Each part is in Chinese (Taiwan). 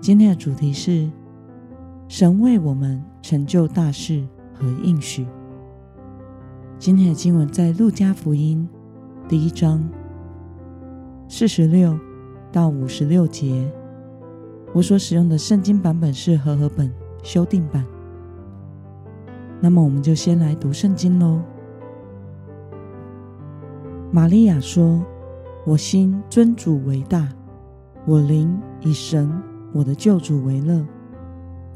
今天的主題是：神為我們成就大事和應許。今天的經文在《路加福音》第一章四十六到五十六節。我所使用的聖經版本是和合本修訂版。那麼，我們就先來讀聖經嘍。瑪利亞說：“我心尊主為大，我靈以神。”我的救主為樂，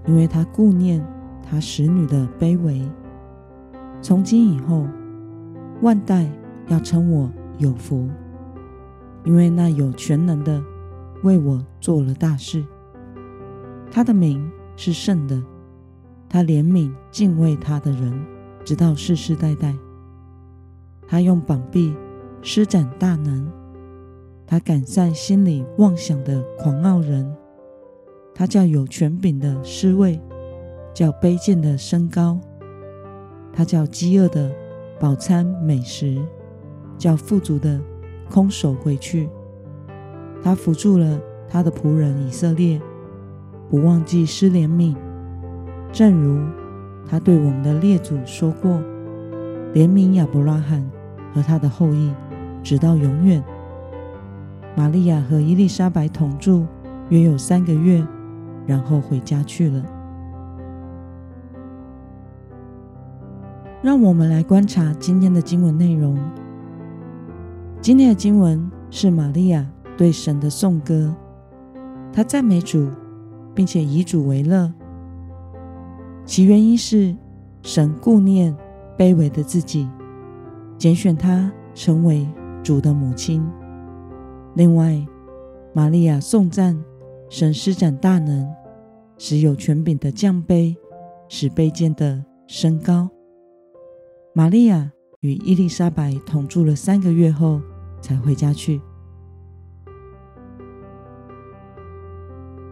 因為他顧念他使女的卑微。從今以後，萬代要稱我有福，因為那有權能的為我做了大事。他的名是聖的，他憐憫敬畏他的人，直到世世代代。他用膀臂施展大能，他趕散心裏妄想的狂傲人。他叫有權柄的失位，叫卑賤的升高；他叫飢餓的飽餐美食，叫富足的空手回去。他扶助了他的僕人以色列，不忘記施憐憫，正如他對我們的列祖說過：憐憫亞伯拉罕和他的後裔，直到永遠。馬利亞和伊利莎白同住約有三個月，然後回家去了。讓我們來觀察今天的經文內容。今天的經文是瑪利亞對神的頌歌，她讚美主，並且以主為樂，其原因是神顧念卑微的自己，揀選她成為主的母親。另外，瑪利亞頌讚。神施展大能，使有權柄的降卑，使卑賤的升高。瑪利亞與伊麗莎白同住了三個月後，才回家去。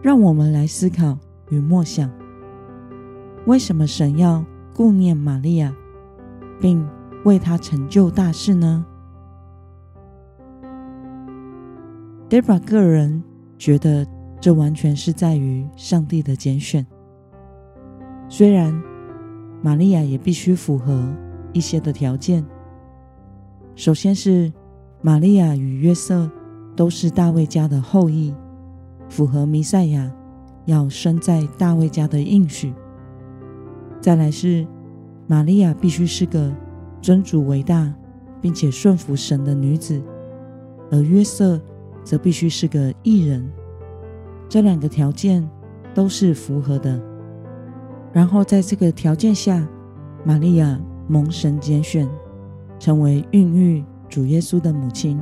讓我們來思考與默想：為什麼神要顧念瑪利亞，並為她成就大事呢？Deborah 個人覺得。這完全是在於上帝的揀選。雖然瑪利亞也必須符合一些的條件，首先是瑪利亞與約瑟都是大衛家的後裔，符合彌賽亞要生在大衛家的應許；再來是瑪利亞必須是個尊主為大，並且順服神的女子，而約瑟則必須是個義人。這兩個條件都是符合的，然後在這個條件下，瑪利亞蒙神揀選，成為孕育主耶穌的母親。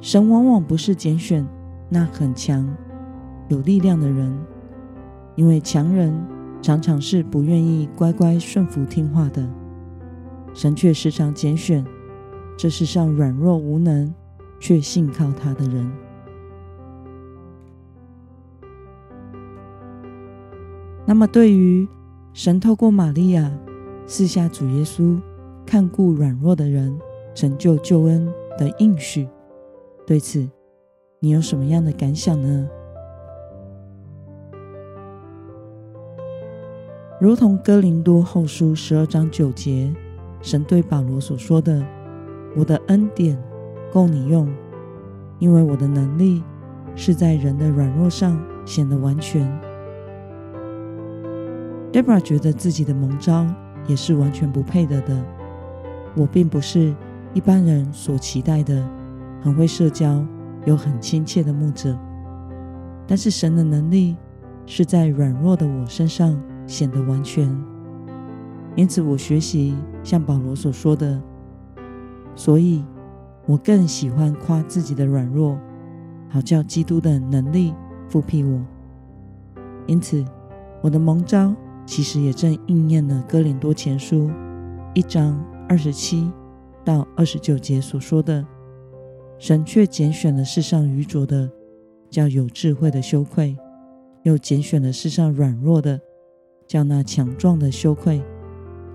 神往往不是揀選那很強、有力量的人，因為強人常常是不願意乖乖順服聽話的。神卻時常揀選這世上軟弱無能卻信靠他的人。那麼，對於神透過瑪利亞賜下主耶穌看顧軟弱的人、成就救恩的應許，對此你有什麼樣的感想呢？如同哥林多後書十二章九節，神對保羅所說的：“我的恩典夠你用，因為我的能力是在人的軟弱上顯得完全。” Debra Deborah 覺得自己的蒙召也是完全不配得的，的。我並不是一般人所期待的，很會社交、有很親切的牧者。但是神的能力是在軟弱的我身上顯得完全。因此我學習像保羅所說的，所以我更喜歡誇自己的軟弱，好叫基督的能力覆庇我。因此我的蒙召，其實也正應驗了《哥林多前書》一章二十七到二十九節所說的：“神卻揀選了世上愚拙的，叫有智慧的羞愧；又揀選了世上軟弱的，叫那強壯的羞愧；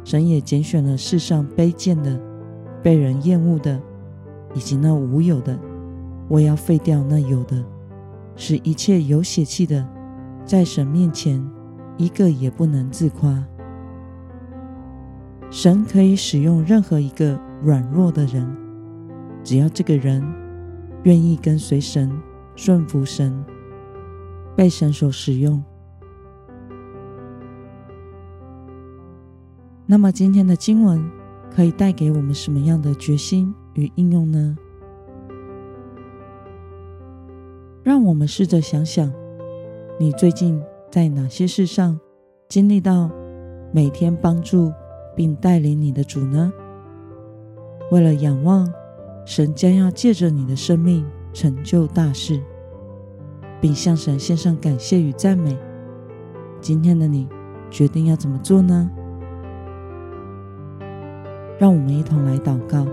神也揀選了世上卑賤的、被人厭惡的，以及那無有的，我要廢掉那有的，使一切有血氣的，在神面前。”一個也不能自誇。神可以使用任何一個軟弱的人，只要這個人願意跟隨神、順服神、被神所使用。那麼今天的經文可以帶給我們什麼樣的決心與應用呢？讓我們試着想想，你最近。在哪些事上經歷到每天幫助並帶領你的主呢？為了仰望神，將要借着你的生命成就大事，並向神獻上感謝與讚美。今天的你決定要怎麼做呢？讓我們一同來禱告。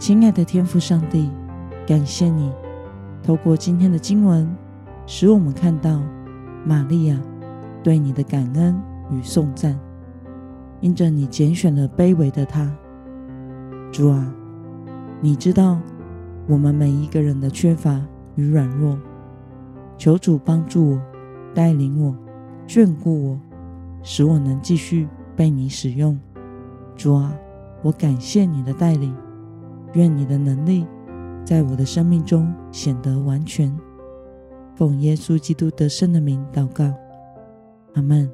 親愛的天父上帝，感謝你透過今天的經文。使我們看到，瑪利亞對你的感恩與頌讚，因着你揀選了卑微的她。主啊，你知道我們每一個人的缺乏與軟弱，求主幫助我，帶領我，眷顧我，使我能繼續被你使用。主啊，我感謝你的帶領，願你的能力在我的生命中顯得完全。奉耶穌基督得勝的名禱告，阿門。